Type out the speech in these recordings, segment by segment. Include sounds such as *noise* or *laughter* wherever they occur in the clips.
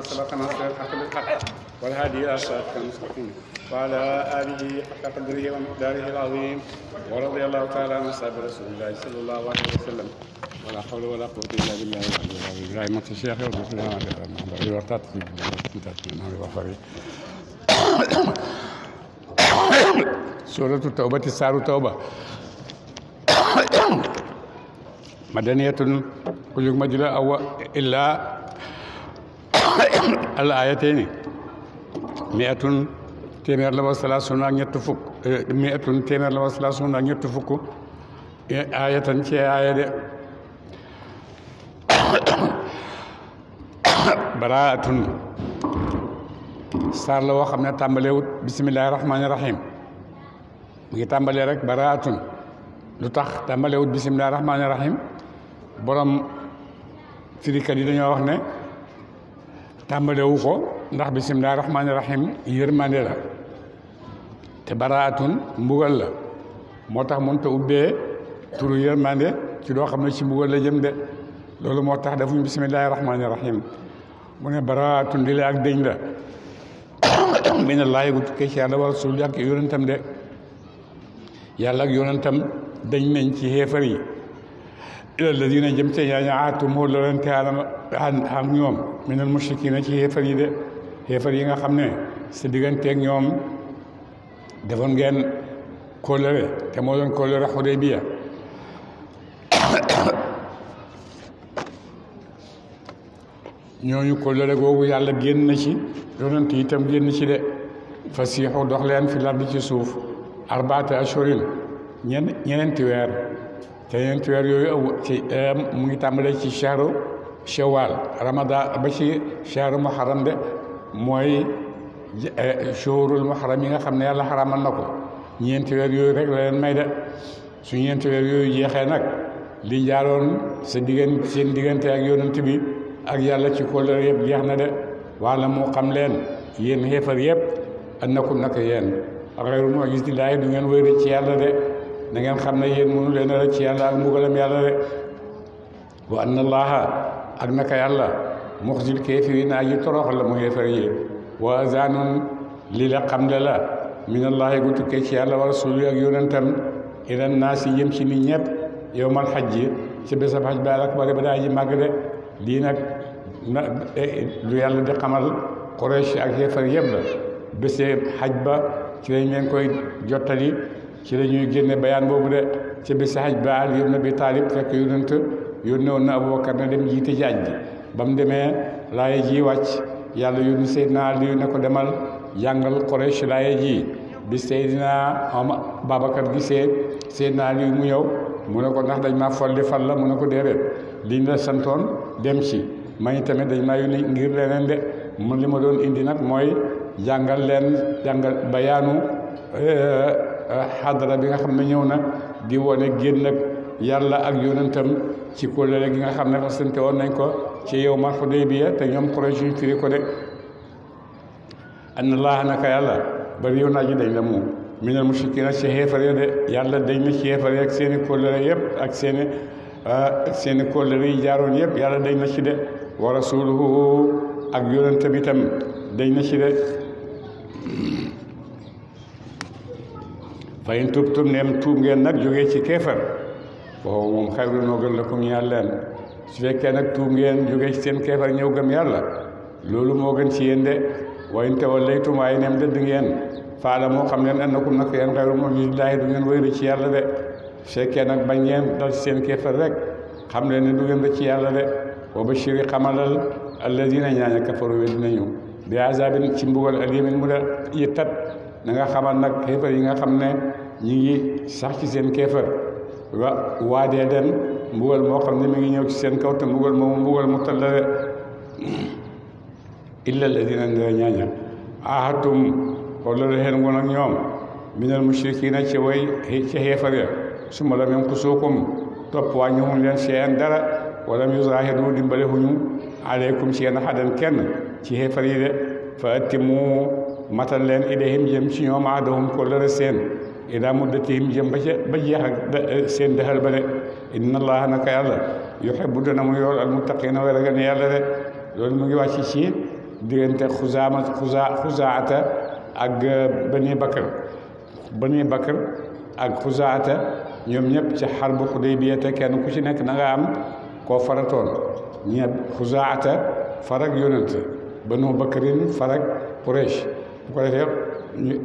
كما سبقنا حق الحق والهادي الى صراطك المستقيم وعلى اله حق قدره ومقداره العظيم ورضي الله تعالى عن اصحاب رسول الله صلى الله عليه وسلم ولا حول ولا قوه الا بالله العلي العظيم ابراهيم انت الشيخ سورة التوبة سار توبة مدنية كل يوم مجلى أو إلا al-aayatayni mi'atun téeméer la wa salaasuna ak ñett fukk eh, mi'atun téeméer la wa salaasuna ak ñett fukk aayatan ci aaya de baraatun saar la woo xam ne tàmbalewut bisimillahi rahmaani rahim mu ngi tàmbalee rek baraatun lu tax tàmbalewut bisimillahi rahmaani rahim borom firikat yi dañoo wax ne tàmbalewu ko ndax bisimilah rahmaani rahim yërmande la te baraatun mbugal la moo tax mën a ubbee turu yërmande ci loo xam ne ci mbugal la jëm de loolu moo tax defuñu bisimilah rahmaani rahim mu ne baraatun di la ak dëñ la *coughs* mina laay gu tukkee ci yàlla war suul ak yonentam de yàlla ak yonentam dañ nañ ci xeefar yi ila alladina jëm ca ñaaña aatumoo la leen taalam xam ñoom minal mushrikina ci xeefar yi de xeefar nga xam ne sa digganteeg ñoom defoon ngeen kóllëre te moo doon kóllëre Xudaybiya ñooñu kóllëre googu yàlla génn na ci yonent yi itam génn ci de fasiixu dox leen fi ci suuf arbaata ashurin ñeneenti weer te ñeenti weer yooyu ci mu ngi tàmbalee ci shahru shawal ramadan ba ci shahru muharram de mooy e, shahurul muharram yi nga xam ne yàlla xaramal na ko ñeenti weer yooyu rek la leen may de su ñeenti weer yooyu jeexee nag li jaaroon sa diggante seen diggante ak yonent bi ak yàlla ci kóllëre yëpp jeex na de wala moo xam leen yéen xeefar yëpp annakum naka yéen xayru mu'jizillahi du ngeen wéeru ci yàlla de na xam ne yéen mënu leen a rëcc yàlla ak mbugalam yàlla de wa anna allaha ak naka yàlla muxzil kaafiriin aji toroxal la mu xéefar yi wa azanun li la xam le gu tukkee yàlla wa rasuli ak yonentam ilan naas yi ci nit ñëpp yow man xaj ji ci bésab xaj ba alak bari ba daa ji màgg de lii nag eh, lu yàlla di xamal Quraysh ak xéefar yëpp la bésee xaj ba ci lañ leen koy jottali ci la ñuy génne bayaan boobu de ci bi saxaj baal na bi taalib fekk yonent yónne woon na Abubakar na dem jiite ji aj ji ba mu demee laaya ji wàcc yàlla yónni naa Aliyu ne ko demal jàngal Quraysh laaya ji bi Seydina Babacar gisee naa Aliyu mu yow mu ne ko ndax dañ ma folli fal la mu ne ko déedéet liñ la santoon dem ci may tamit dañ maa yónni ngir leneen de mu li ma doon indi nag mooy jàngal leen jàngal bayaanu eh, xadara bi nga xam ne ñëw na di wone génn ak yàlla ak yonentam ci kóllëre gi nga xam ne fasante woon nañ ko ci yow ma Xudaybiya te ñoom Quraysh ñu firi ko de anna laaha naka yàlla bari yow naa ji dañ la mu minal mushrikiina ci xeefar de yàlla dañ na ci xeefar ya ak seeni kóllëre yëpp ak seeni ah, ak seeni kóllëre yi jaaroon yëpp yàlla dañ na ci de wa rasuluhu ak yonentam itam dañ na ci de fa in tubtum neem tuub ngeen nag jógee ci keefar foofu moom xayrun moo gën la kum ñaar leen su fekkee nag tuub ngeen jógee ci seen keefar ñëw gëm yàlla loolu moo gën ci yéen de wa in tawallaytum waaye neem dëdd ngeen faala moo xam leen annakum nag yéen xayru mu'jizillahi du ngeen wéyru ci yàlla de su nag bañ geen dal seen keefar rek xam leen ne du ngeen ci yàlla de wa bashiri xamalal alladina ñaaña kafaru wéddi nañu bi azabin ci mbugal alimin mu da yittat na nga xamal nag keefar yi nga xam ne ñu ngi sax ci seen keefar wa waadee den mbugal moo xam ne mi ngi ñëw ci seen kaw te mbugal moomu mbugal mu tal la illa alladina ndara ñaaña ahatum xollolu xeen woon ak ñoom minal mushrikina ci way ci xeefar ya suma lam yankusuukum topp wàññiwuñ leen seen dara wala mu zaahiru dimbale huñu aleykum seen xadan kenn ci xeefar yi de fa atimu matal leen ilayhim jëm ci ñoom aadahum xollore seen ilaa muddatihim jëm ba ca ba jeex eh, seen dexal ba de inna naka yàlla yuhibbu dana mu yool al muttaqina way ragal yàlla de loolu mu ngi wàcc ci diggante xusaama xusaa xusaata ak eh, bani bakar bani bakar ak xusaata ñoom ñëpp ci xarbu xudaybiya te kenn ku ci nekk na nga am koo faratoon ñëpp xusaata farag yonent banu bakarin farag quraish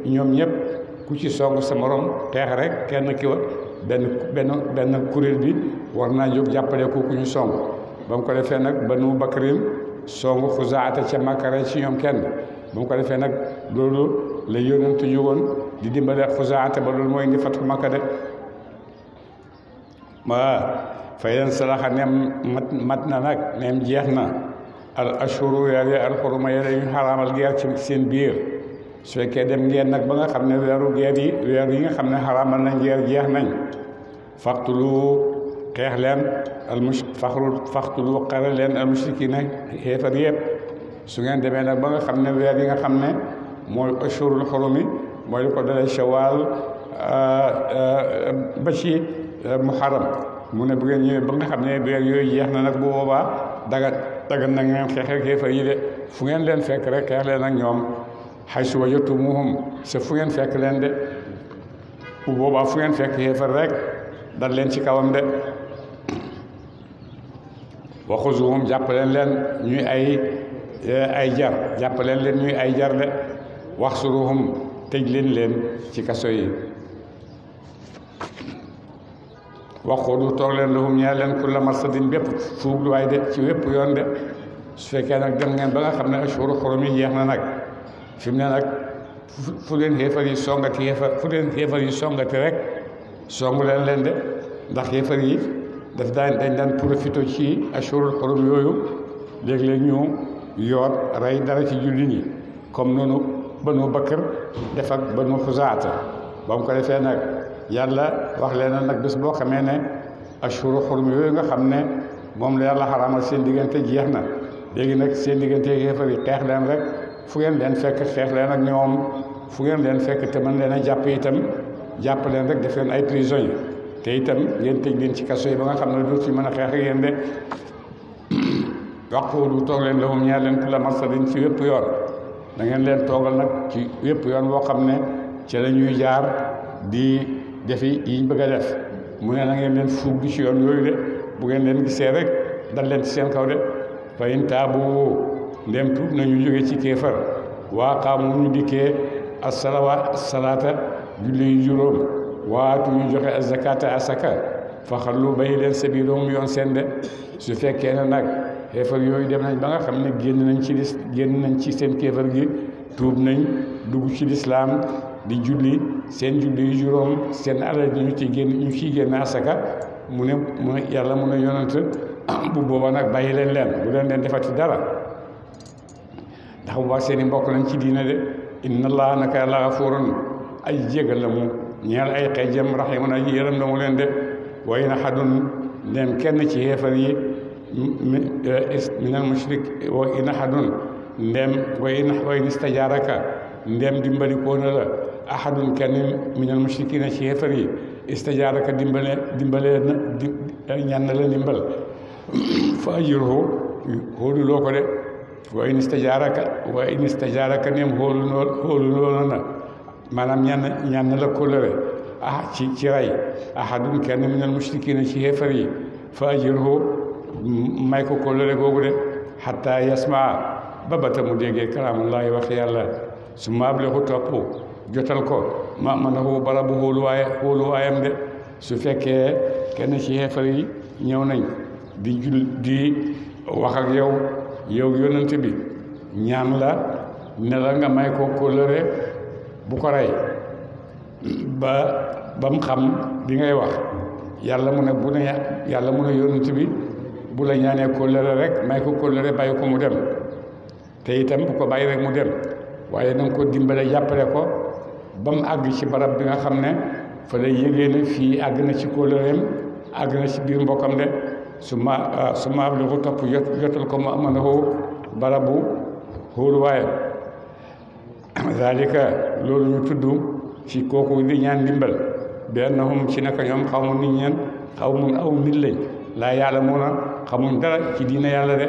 ñoom ñëpp ku ci song sa morom xeex rek kenn ki wa benn benn benn kuréel bi war naa jóg jàppale ko ku ñu song ba ko defee nag banu bakkarin song xusaata ca makara ci ñoom kenn ba ko defee nag loolu la yonent yu woon di dimbale xusaata ba loolu mooy indi fatu makka de waaw fay leen salaxa neem mat na nag neem jeex na al ashuru yàlla al xuruma yàlla ñu geer ci seen biir su fekkee dem ngeen nag ba nga xam ne weeru geer yi weer yi nga xam ne xaraamal na ngeer jeex nañ faxtulu xeex leen al mush faxru faxtulu xare leen al mushrikina xeefar yëpp su ngeen demee nag ba nga xam ne weer nga xam ne mooy ashurul xurumi mooy lu ko dalee shawaal ah, ah, ba ci ah, muharram mu ne bu ngeen ñëwee ba nga xam ne weer yooyu jeex na nag bu boobaa daga daga na ngeen xeex ak xeefar yi de fu ngeen leen fekk rek xeex leen ak ñoom xaysu wajatumuhum sa fu ngeen fekk leen de bu boobaa fu ngeen fekk xéefar rek dal leen ci kawam de waxuzuhum jàppaleen leen ñuy ay eh, ay jar jàppaleen leen leen ñuy ay jar de waxsuruhum tëj leen leen ci kaso yi waxudu toog leen lahum ñee leen kulla marsadin bépp fuub waay de ci wépp yoon de su fekkee nag dem ngeen ba nga xam ne ashhuru xurum yeex jeex na nag fi mu ne nag fu leen xeefar yi songati xeefar fu leen xeefar yi songati rek songu leen leen de ndax xeefar yi daf daan dañ daan profité ci ashurul xurum yooyu léeg-léeg ñu yoot rey dara ci julli ñi comme noonu banu bakkër def ak banu xusaata ba mu ko defee nag yàlla wax leen nag bés boo xamee ne ashurul xurum yooyu nga xam ne moom la yàlla xaraamal seen diggante jeex na léegi nag seen diggante xeefar yi xeex leen rek fu ngeen leen fekk xeex leen ak ñoom fu ngeen leen fekk te mën leen a jàpp itam jàpp leen rek def leen ay prisonniers te itam ngeen tëj leen ci kaso yi ba nga xam ne dootuñu mën a xeex ak yéen de waxtu du toog leen lahum ñaar leen ku la masadin fi wépp yoon da ngeen leen toogal nag ci wépp yoon woo xam ne ci la ñuy jaar di defi yiñ bëgg a def mu ne na ngeen leen fuug ci yoon yooyu de bu ngeen leen gisee rek dal leen ci seen kaw de fa in taabu ndem tuub nañu jóge ci kéefar waa xaamu ñu dikkee asalawaat salaata julli yu juróom waatu ñu joxe azakaata asaka fa lu bay leen sabiilahum yoon seen de su fekkee ne nag kéefar yooyu dem nañ ba nga xam ne génn nañ ci génn nañ ci seen kéefar gi tuub nañ dugg ci lislaam di julli seen julli yu juróom seen alal ñu ci génn ñu ciy génn asaka mu ne mu ne yàlla mu ne yonent bu booba nag bàyyi leen leen bu leen leen defati dara ndax bu baax seen i mbokk lañ ci diina de inna allah naka la xafuurun ay jégal la mu ñeel ay xeejam raximun aji leen de way na xadun ndem kenn ci xeefar yi eh, minal mushrik wa in ahadun ndem wa in wa in istajaaraka ndem dimbali koo la ahadun kenn minal mushrikina ci xeefar yi istajaaraka dimbale dimbalee na ndimbal *clears throat* fa ajurhu hóolu loo ko de wa in istajaaraka wa in istajaaraka neem hóolunoo hóolunoo na maanaam ñan ñan la ci ci rey ahadun kenn minal mushrikiina ci xéefar yi fa ajirhu may ko kóllëre googu de xataa yasmaa babata bata mu déggee kalaamullaahi wax yàlla su ma ableexu topp jotal ko ma man a xu barabu hóoluwaay hóoluwaayam de su fekkee kenn ci xéefar yi ñëw nañ di jul di yow yow yonent bi ñaan la ne la nga may ko kóllëre bu ko rey ba ba mu xam li ngay wax yàlla mu ne bu ne yàlla mu ne yonent bi bu la ñaanee kóllëre rek may ko kóllëre bàyyi ko mu dem te itam bu ko bàyyi rek mu dem waaye danga ko dimbale jàppale ko ba mu àgg ci barab bi nga xam ne fa lay yëgee ne fii àgg na ci kóllëreem àgg na ci biir mbokkam de su ma ah, su ma ablugu topp jotal ko ma amanahu barabu xuuruwaayam *coughs* zalika loolu ñu tudd ci kooku di ñaan ndimbal bi annahum ci naka ñoom xaw mun nit ñeen xaw mun aw nit lañ laa yàlla mun a xamuñ dara ci diina yàlla de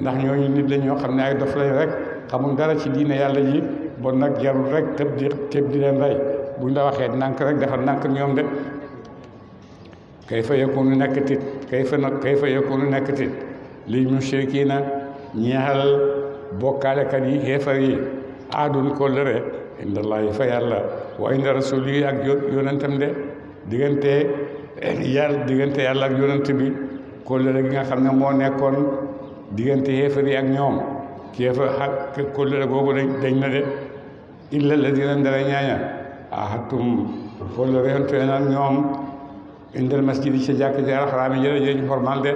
ndax ñooñu nit lañ xam ne ay dof lañ rek xamuñ dara ci diina yàlla ji bon nag jarul rek tëb di tëb di bu rey buñ la waxee nànk rek dafa nànk ñoom de kay fa yëkku nekk tit kayfa nag kayfa yakunu nekkati lil mushrikiina ñeexal bokkaalekat yi xeefar yi aadul kóllëre inda Allahi fa yàlla wa inda rasul yi ak yonentam de diggante *clears throat* yàlla diggante yàlla ak yonent bi kóllëre gi nga xam ne moo nekkoon diggante xeefar yi ak ñoom keefa ak kóllëre googu dañ na de illa la dina ndara ñaaña ahadtum kóllëre yonte nag ñoom indal masjid yi sa jàkk ji alxaraam yi jële ñu formal de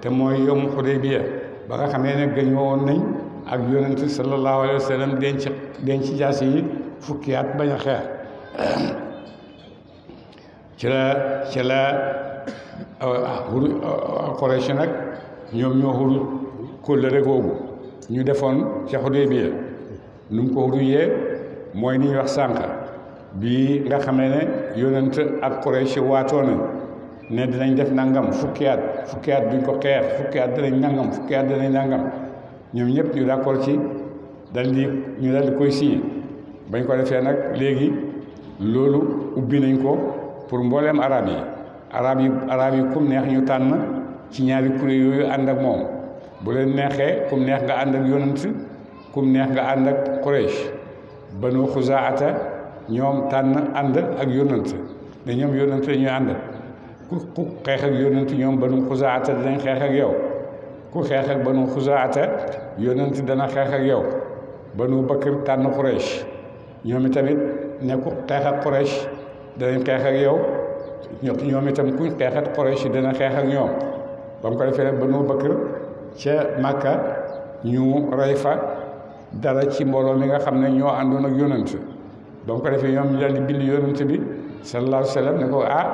te mooy yom xudaybiya ba nga xamee ne gëñ woon nañ ak yonent sallallahu alayhi wa sallam denc denc jaas yi fukki at bañ a xeex ci la ci la xuru Quraysh nag ñoo xuru kóllëre googu ñu defoon ca xudaybiya nu mu ko xuruyee mooy ni ñuy wax sànq bi nga xamee ne yonent ak Quraysh waatoo na ne dinañ def nangam fukkiyaat at fukki at ko xeex fukki at dinañ nangam fukki at dinañ nangam ñoom ñëpp ñu d'accord ci dal di ñu dal di si signé bañ ko defee nag léegi loolu ubbi nañ ko pour mbooleem arab yi arab yi arab yi kum neex ñu tànn ci ñaari kuréel yooyu ànd ak moom bu leen neexee kum neex nga ànd ak yonent kum neex nga ànd ak Quraysh banu xuzaata ñoom tànn ànd ak yónnante ne ñoom yónnante ñuy ànd ku ku xeex ak yónnante ñoom banu xusaata dinañ xeex ak yow ku ba ak banu xusaata yónnante dana xeex ak yow nu bakkir tànn xureesh ñoom itamit ne ku xeex ak xureesh danañ xeex ak yow ñoom itam ku xeex ak dana xeex ak ñoom ba mu ko defee nag banu bakkir ca Màkka ñu rey fa dara ci mbooloo mi nga xam ne ñoo àndoon ak yónnante ba mu ko defee ñoom ñu daal di bind yonent bi sallallahu alayhi wa sallam ne ko ah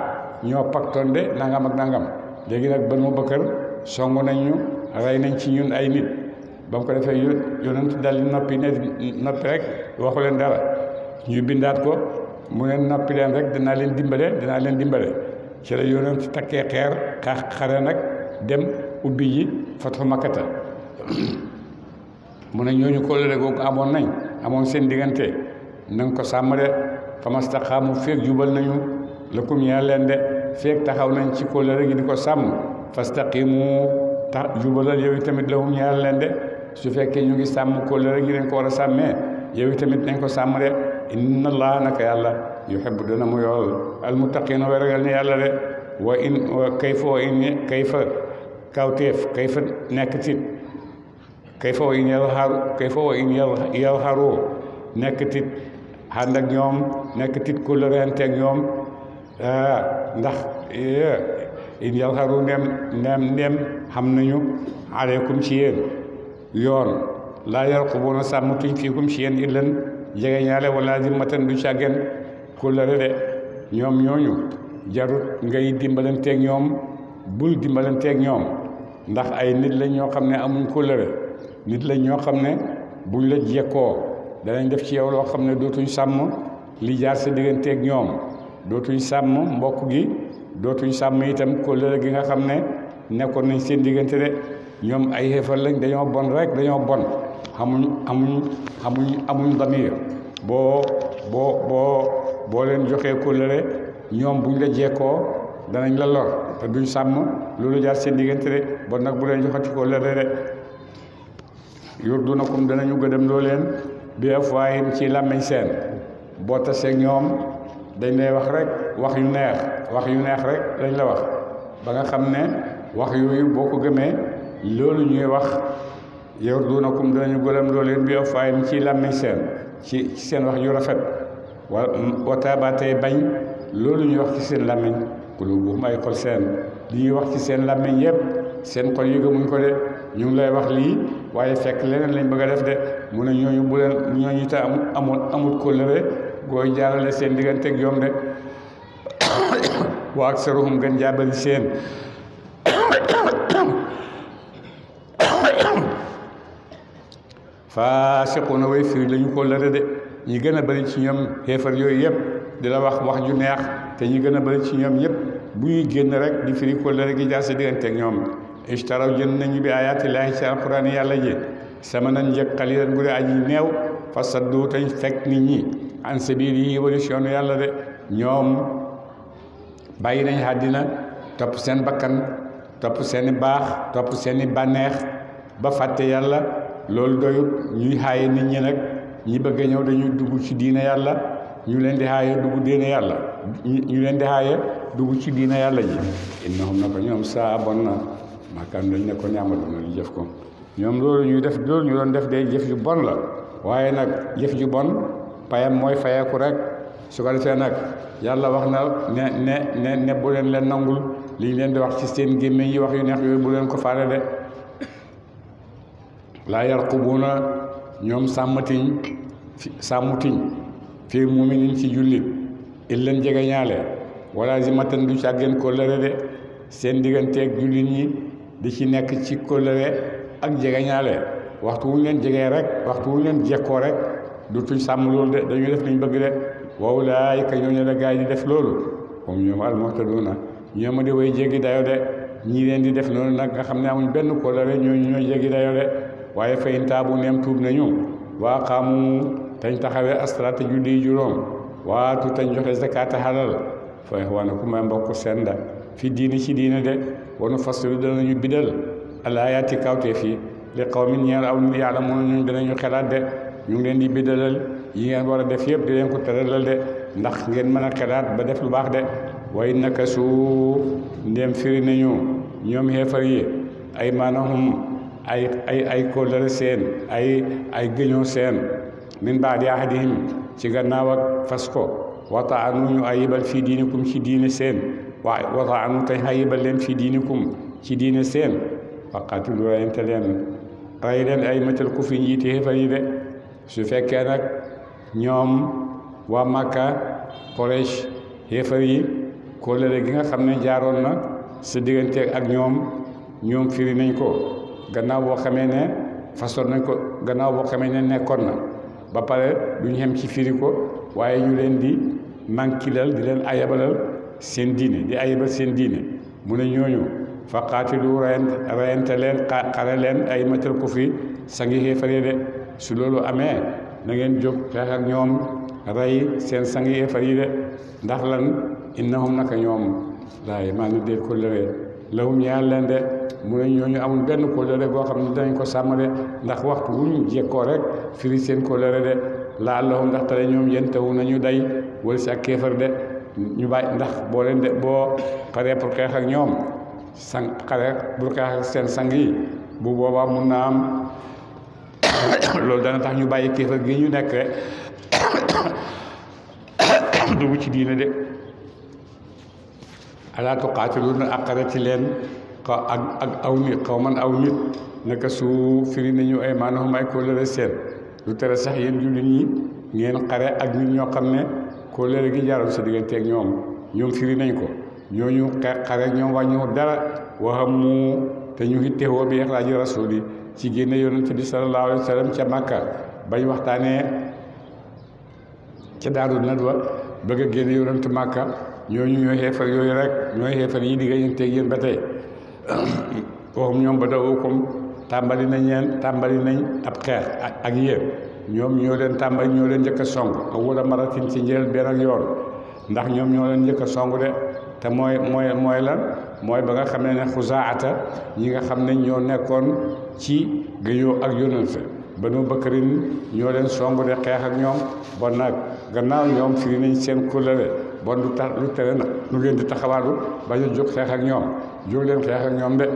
ñoo paktoon de nangam ak nangam léegi nag Banu Bakar songu nañ rey nañ ci ñun ay nit ba mu ko defee yonent daal di noppi ne noppi rek waxu leen dara ñu bindaat ko mu ne noppi leen rek dinaa leen dimbale dinaa leen dimbale ci la yonent takkee xeer xa xare nag dem ubbi ji fa makkata *coughs* mu ne ñooñu kóllëre googu amoon nañ amoon seen diggante na ko sàmm de famastaqaamu feeg jubal nañu lakum ñeel leen de feeg taxaw nañ ci kóllëre gi di ko sàmm fastaqimu tax jubalal yow tamit lahum ñeel leen de su fekkee ñu ngi sàmm kóllëre gi dañ ko war a sàmmee yow tamit nañ ko sàmm de inna allah naka yàlla yuhibbu dana mu yool almuttaqiina way ragal ne yàlla de wa in kayfa wa in kayfa kawteef kayfa nekk tit kayfa wa in yalxaru kayfa wa in yalxaru nekk tit ànd ak ñoom nekk tit ku lorente ak ñoom ah, ndax eh, yow xaru ndem ndem xam nañu aleykum ci yéen yoon laa yarqubuuna sàmmtuñ fiikum ci yéen illan jege ñaale wala dimmatan du càggeen ku de ñoom ñooñu jarut ngay dimbalanteeg ñoom bul dimbalanteeg ñoom ndax ay nit lañ ñoo xam ne amuñ ku nit lañ ñoo xam ne buñ la jekkoo danañ def ci yow loo xam ne dootuñu sàmm li jaar sa digganteeg ñoom dootuñ sàmm mbokk gi dootuñ sàmm itam kóllëre gi nga xam ne nekkoon nañ seen diggante de ñoom ay xeefal lañ dañoo bon rek dañoo bon amuñ amuñ amuñ amuñ damir boo boo boo boo leen joxee kóllëre ñoom buñ la jekkoo danañ la te duñ sàmm loolu jaar seen diggante de bon nag bu leen joxati kóllëre de yurdunakum danañu gëdëm loo leen bi afwaahim ci làmmiñ seen boo tasee ñoom dañ lay wax rek wax yu neex wax yu neex rek lañ la wax ba nga xam ne wax yooyu boo ko gëmee loolu ñuy wax yarduunakum danañu gërëm loolu yëpp bi afwaahim ci làmmiñ seen ci seen wax yu rafet wa wataabaatee bañ loolu ñuy wax ci seen làmmiñ quluubuhum ay xol seen li ñuy wax ci seen làmmiñ yëpp seen xol yu gëmuñ ko de ñu ngi lay wax lii waaye fekk leneen lañ bëgg a def de mu ne ñooñu bu leen ñooñu te amul amul amul kóllëre gooy jaarale seen digganteeg ñoom de *coughs* wa aksaruhum gën jaabali seen *coughs* faasiquuna way firi lañu kóllëre de ñi gën a bari ci ñoom xeefar yooyu yëpp di la wax wax ju neex te ñi gën a bari ci ñoom ñëpp bu ñuy génn rek di firi kóllëre gi jaar sa digganteeg ñoom ishtaraw jënd nañu bi ayaati laahi ci alquraan yàlla ji sama samanan njëg xalilan bu dee aji néew fa saddu tañ fekk nit ñi an sabil yi walis yoonu yàlla de ñoom bàyyi nañ àddina topp seen bakkan topp seeni baax topp seeni bànneex ba fàtte yàlla loolu doyut ñuy xaaye nit ñi nag ñi bëgg a ñëw dañuy dugg ci diina yàlla ñu leen di xaaye dugg diine yàlla ñu leen di xaaye dugg ci diine yàlla ji innahum na ko ñoom saa bon na maakaan lañ ne ko ñaama doona li jëf ko ñoom loolu ñuy def loolu ñu doon def de jëf yu bon la waaye nag jëf ju bon payam mooy fayeeku rek su ko defee nag yàlla wax na ne ne ne ne bu leen leen nangul li ñu leen di wax ci seen gémmiñ yi wax yu neex yooyu bu leen ko faale de laa yarqubuuna ñoom sàmmtiñ sàmmtiñ fii muminin ci jullit il leen jege ñaale wala zimatan du càggeen kóllëre de seen digganteeg jullit ñi di ci nekk ci kóllëre ak jegeñaale waxtu wuñ leen jegee rek waxtu wu wuñ leen jekkoo rek dutuñ sàmm loolu de dañuy def liñ bëgg de wow laay ka ñooñu la gaa yi di def loolu comme ñoom almuhtaduuna ñoo ma di way dayo de ñii leen di def noonu nag nga xam ne amuñ benn kóllëre ñooñu ñooy jéggi dayo de waaye fayin taabu neem tuub nañu waa xaamu tañ taxawee astraté julli juróom waatu tañ joxe zakaata xalal fa ixwaanakum mbokk senda fi diini ci diine de wanu fasilu danañu bidal alaayaati kawteef yi li qawmin ñeer aw nit yàlla moom ñun dinañu xelaat de ñu ngi leen di biddalal yi ngeen war a def yëpp di leen ko tëralal de ndax ngeen mën a xelaat ba def lu baax de way naka su ndem firi nañu ñoom xeefar yi ay maanahum ay ay ay kóllëre seen ay ay gëñoo seen min baadi ahadihim ci gannaaw ak fas ko wata anu ñu ayibal fii diinikum ci diine seen waa wata anu tañ ayibal leen fii diinikum ci diine seen waqaatilu rayante leen rey leen ay matal ku fi njiiti xéefar yi de su fekkee nag ñoom waa Makka Quraysh xéefar yi kóllëre gi nga xam ne jaaroon na sa diggante ak ñoom ñoom firi nañ ko gannaaw boo xamee ne façon nañ ko gannaaw boo xamee ne nekkoon na ba pare ñu xem ci firi ko waaye ñu leen di mankilal di leen ayabalal seen diine di ayabal seen diine mu ne ñooñu fa qaatilu rayante leen xare leen ay matal ko fi sangi xeefare de su loolu amee na ngeen jóg xeex ak ñoom rey seen sangi xeefar yi de ndax lan innahum naka ñoom laay maa ngi dee kóllëre lahum ñaar leen de mu ne ñooñu amul benn kóllëre goo xam ne danañ ko sàmm de ndax waxtu wuñ jekkoo rek firi seen kóllëre de laa lahum ndax tale ñoom yéen tawu nañu day wala si ak kéefar de ñu bàyyi ndax boo leen de boo paree pour xeex ak ñoom sang xale bu xeex seen sang yi bu boobaa mun naa am *coughs* loolu dana tax ñu bàyyi kéefar gi ñu nekk *coughs* dugg ci diine de alaa tuqaatiluuna àqara ci leen xaw ak ak aw nit xaw man aw nit naka su firi nañu ay maanaam ay kóllëre seen lu tere sax yéen jullit ñi ngeen xare ak ñu ñoo xam ne kóllëre gi jaarul sa diggante ak ñoom ñoom firi nañ ko ñooñu xeex xare ñoom wàññiwul dara waxam te ñu ngi teewoo bi ixraaji rasuli ci génne yonent bi sallallahu alayhi wa sallam ca Makka bañ waxtaanee ca Daaru Nadwa bëgg a génne yonent Makka ñooñu ñooy xeefar yooyu rek ñooy xeefar yi digga yéen teeg yéen ba tey *coughs* waxum ñoom ba daw kom tàmbali nañ leen tàmbali nañ ab xeex ak yéen ñoom ñoo leen tàmbali ñoo leen njëkk a song ak wala maratin ci njël benn ak yoon ndax ñoom ñoo leen njëkk song de te mooy mooy mooy lan mooy ba nga xamee ne xusaata ñi nga xam ne ñoo nekkoon ci géñoo ak yónnante banu bakkarin ñoo leen song de xeex ak ñoom bon nag gannaaw ñoom firi nañ seen kóllëre lu tax lu tere di taxawaalu bañ a jóg ak ñoom jóg leen xeex ak ñoom de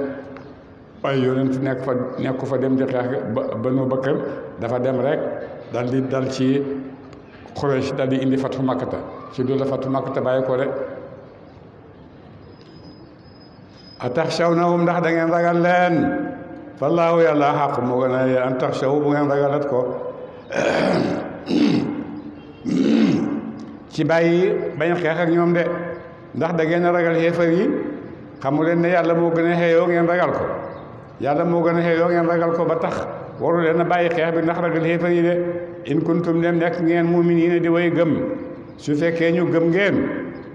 waaye yónnante nekk fa nekku fa dem di xeex banu bakkar dafa dem rek dal di dal ci Quraysh dal di indi fatu makkata ci loolu la fatu makkata bàyyi ko de a tax caw na um ndax da ngeen ragal leen fallaahu yàlla xaq moo gën a yee an tax caw bu ngeen ragalat ko ci bàyyi bañ xeex ak ñoom de ndax da ngeen a ragal xeefar yi xamu leen ne yàlla moo gën a xeeyoo ngeen ragal ko yàlla moo gën a xeeyoo ngeen ragal ko ba tax waru leen a bàyyi xeex bi ndax ragal xeefar yi de in kuntum dem nekk ngeen mu'miniina di way gëm su fekkee ñu gëm ngeen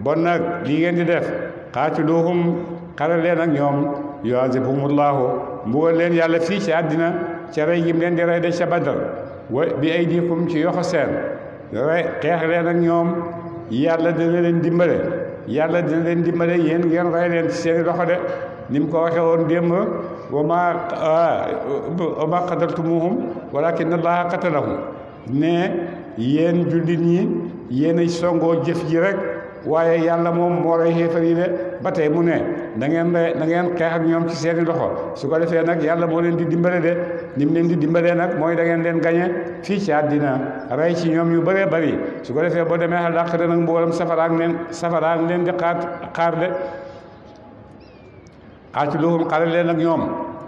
bon nag lii ngeen di def qaatiluhum xaral leen ak ñoom yuazibhumullahu mbugal leen yàlla fii ci àddina cere rey gim leen di rey dañ ca wa bi ay diikum ci yoxo seen rey xeex leen ak ñoom yàlla dina leen dimbale yàlla dina leen dimbale yéen ngeen rey leen ci seeni loxo de ni ko waxe woon démb wa ma wa ma qataltumuhum walakin allaha qatalahum ne yéen jullit ñi yéen songoo jëf ji rek waaye yàlla moom moo rey xéefar yi de ba mu ne na ngeen na ngeen xeex ak ñoom ci seeni loxo su ko defee nag yàlla moo leen di dimbale de ni leen di dimbalee nag mooy da ngeen leen gañe fii ci àddina rey ci ñoom yu baree bari su ko defee boo demee àllaaxira nag mbugalam safaraak leen safaraak leen di xaar xaar de aatiluhum xare leen ak ñoom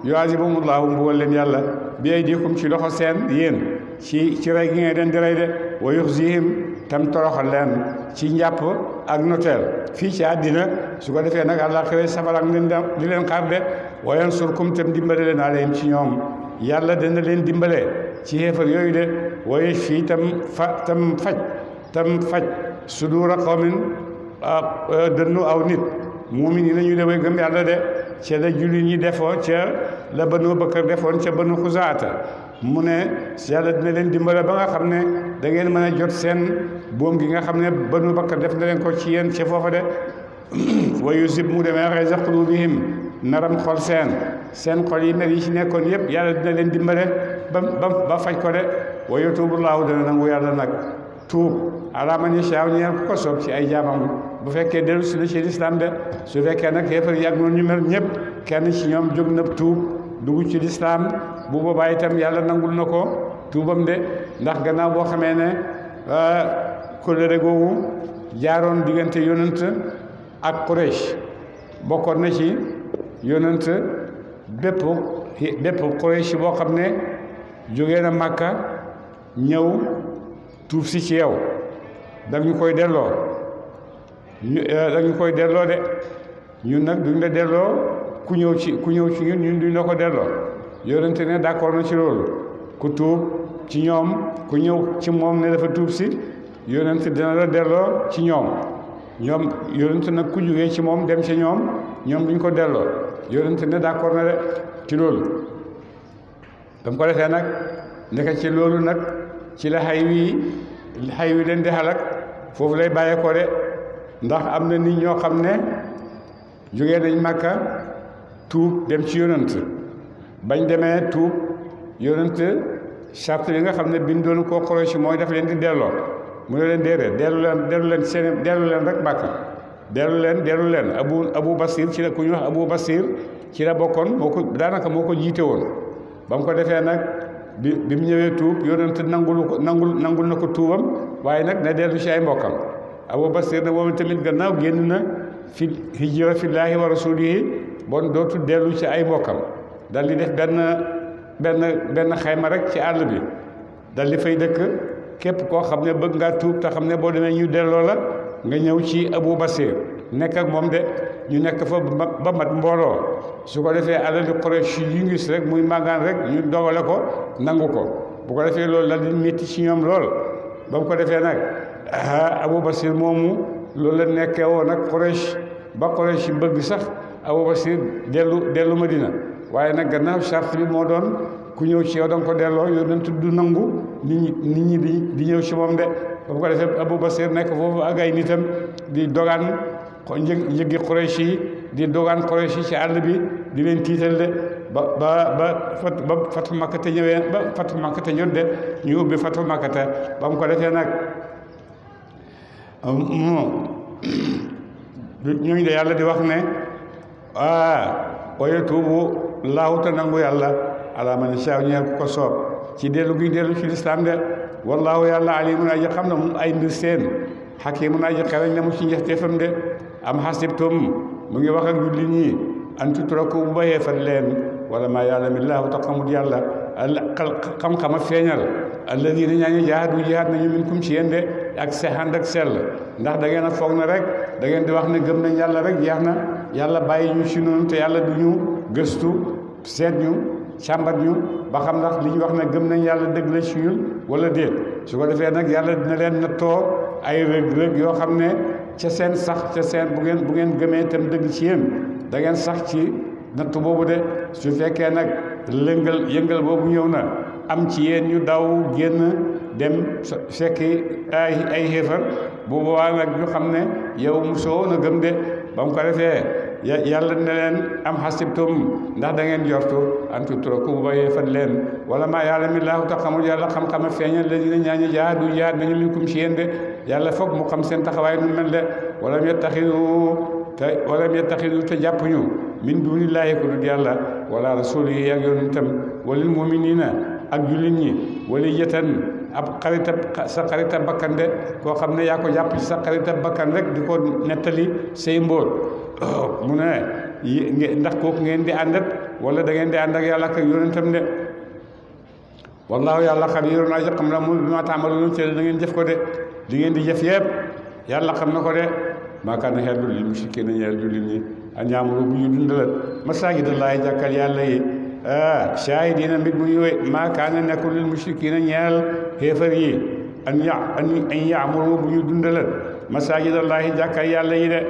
yuazibumullahu mbugal leen yàlla bi ay diikum ci loxo seen yéen ci ci rey gi ngeen leen di rey de wa yuxzihim tam toroxal leen ci njàpp ak notaire fii ci àddina su ko defee nag àllaaxira safara ak leen di leen xaar de wayan surkum tam dimbale leen alayhim ci ñoom yàlla dana leen dimbale ci xeefar yooyu de waye fii tam fa faj tam faj suduura qawmin ah, ah, dënnu aw nit muumin yi nañu de way gëm yàlla de ca la jullit ñi defoo ca la Banu Bakar defoon ca Banu Xuzaata mu ne yàlla dina leen dimbale ba nga xam ne da ngeen mën a jot seen boom gi nga xam ne Banu Bakar def na leen ko ci yéen ca foofa de wa yusib mu demee xaysa qulubihim naram xol seen seen xol yi mel yi ci nekkoon yëpp yàlla dina leen dimbale ba ba ba faj ko de wa yatuubu llaahu dana nangu yàlla nag tuub alaa man yashaa ñeel ku ko soob ci ay jaamam bu fekkee dellu si na ci lislaam de su fekkee nag xeefar yàgg noonu ñu mel ñëpp kenn ci ñoom jóg na tuub duggu ci lislaam bu boobaa tam yàlla nangul na ko tuubam de ndax gannaaw boo xamee ne euh, kóllëre googu jaaroon diggante yonent ak Quraysh bokkoon na ci yonent bépp bépp Quraysh boo xam ne jógee na Màkka ñëw tuub si ci yow dañu koy delloo ñu eh, dañu koy delloo de ñun nag duñ la delloo ku ñëw ci ku ñëw ci ñun ñun duñ la ko delloo yonente ne d'accord na ci loolu ku tuub ci ñoom ku ñëw ci moom ne dafa tuub si yonente dina la delloo ci ñoom ñoom yonente nag ku jógee ci moom dem ci ñoom ñoom duñ ko delloo yonente ne d'accord na de ci loolu dam ko defee nag nekk ci loolu nag ci la wii xay wi leen di xalak foofu lay bàyyeekoo de ndax am na nit ñoo xam ne jógee nañ màkka tuub dem ci yonant bañ demee tuub yonant charte bi nga xam ne biñ doon koo xoro si mooy dafa leen di delloo mu ne leen déedéet dellu leen dellu leen seen dellu leen rek màkka dellu leen dellu leen abu abu basir ci la ku ñuy wax abu basir ci la bokkoon moo ko daanaka moo ko jiite woon ba mu ko defee nag bi bi mu ñëwee tuub yonent nangul ko nangul nangul na ko tuubam waaye nag ne dellu si ay mbokkam Abu Basir na moom tamit gannaaw génn na fi hijra fillaahi wa rasulihi bon dootu dellu ci ay mbokkam dal di def benn benn benn xayma rek ci àll bi dal di fay dëkk képp koo xam ne bëgg nga tuub te xam ne boo demee ñu delloo la nga ñëw ci Abu Basir nekk ak moom de ñu nekk fa ba mat mbooloo su ko defee alali Quraysh yi si rek muy màggaan rek ñu dogale ko nangu ko bu ko defee loolu dal di métti ci ñoom lool ba mu ko defee nag Abu Basir moomu loolu la nekkee woon ak Quraysh ba Quraysh mbëgg sax Abu Basir dellu ma dina waaye nag gannaaw charte bi moo doon ku ñëw ci yow da nga ko delloo yonent du nangu nit ñi nit ñi di di ñëw ci moom de ba ko defee Abu Basir nekk foofu ak ay nitam di dogaan njëg njëggi Quraysh yi di dogaan Quraysh yi ci àll bi di leen tiital de ba ba ba fat ba fatu makkate ñëwee ba fatu makkate ñëw ñu ubbi fatu makkate ba ko defee nag ñooñu de yàlla di wax ne a ah, waya tuubu laawuta nangu yàlla ala man saa ñeel ku ko soob ci dellu guy dellu ci lislaam de wallaahu yàlla alimun aji xam na mu ay mbir seen na aji xereñ na mu ci njeexteefam de am xasibtum mu ngi wax ak julli ñi an tutraku bu bayee fan leen wala maa ya'lamu llaahu te xamut yàlla al xam-xama feeñal alladina ñaa ñu jaahadu jihaad nañu minkum ci yéen de ak sexand ak sell ndax da ngeen a foog na rek da ngeen di wax ne gëm nañ yàlla rek jeex na yàlla bàyyi ñu si noonu te yàlla du ñu gëstu seet ñu càmbat ñu ba xam ndax li ñu wax ne gëm nañ yàlla dëgg la si ñun wala déet su ko defee nag yàlla dina leen nattoo ay rëg-rëg yoo xam ne ca seen sax ca seen bu ngeen bu ngeen gëmee tam dëgg ci yéen da ngeen sax ci natt boobu de su fekkee nag lëngal yëngal boobu ñëw na am ci yéen ñu daw génn dem sekki ay ay xéefar bu boobaa nag ñu xam ne yow mu soowoon a gëm de ba mu ko defee yàlla ne leen am xasibtum ndax da ngeen jortu an tutraku bu ba yeefat leen wala maa yàlla mi laahu tax xamul yàlla xam-xama feeñal la dina ñaañi jaadu jaad nañu minkum si yéen de yàlla foog mu xam seen taxawaay nu mel de wala mu yettaxidu te wala mu yettaxidu te jàpp ñu min duuni laahi ku dul yàlla wala rasuli yi ak yoonu tam walil muminina ak jullit ñi wala yëtan ab xaritab sa xaritab bakkan de koo xam ne yaa ko jàpp ci sa xaritab bakkan rek di ko nettali say mbóot oh, mu ne ndax kooku ngeen di àndat wala da ngeen di ànd ak yàlla ak yonentam de wallaahu yàlla xabiirun aji ma taamaluun da ngeen jëf ko de dingeen di jëf yëpp yàlla xam na ko de maa kaana xeer lul li mushrikiina ñeel jullit ñi an yaamuru bu ñu dundalat masaajida llaahi jàkkal yàlla yi shahidina mbir mu ñëwee maa kaana nekkul lil mushrikiina ñeel xéefar yi an ya an an yaamuru bu ñu dundalal masaajidallahi jàkkaay yàlla yi de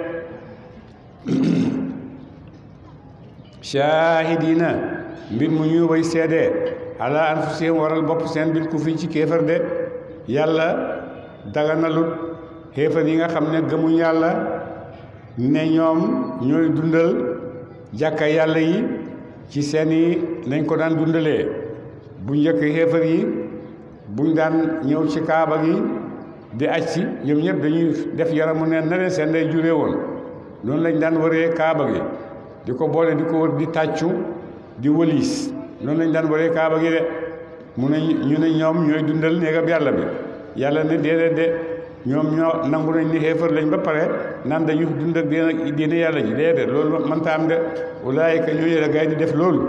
*coughs* shahidina mbir mu ñuy way seede ala anfusihim waral bopp seen bil ku ci kéefar de yàlla daganalut xéefar yi nga xam ne gëmu yàlla ne ñoom ñooy dundal jàkkaay yàlla yi ci seen seeni nañ ko daan dundalee bu njëkk xeefar yi buñ daan ñëw ci kaaba gi di aj si ñoom ñëpp dañuy def yaramu neen na leen seen day jure woon noonu lañ daan waree kaaba gi di ko boole di ko wër di tàccu di wëliis noonu lañ daan waree kaaba gi de mu ne ñu ne ñoom ñooy dundal néegam yàlla bi yàlla ne déedéet de ñoom ñoo nangu nañ ni xeefar lañ ba pare naan dañu dund ak diine ak diine yàlla ji déedéet loolu man taam de ulaayika ñooñu la gars yi di def loolu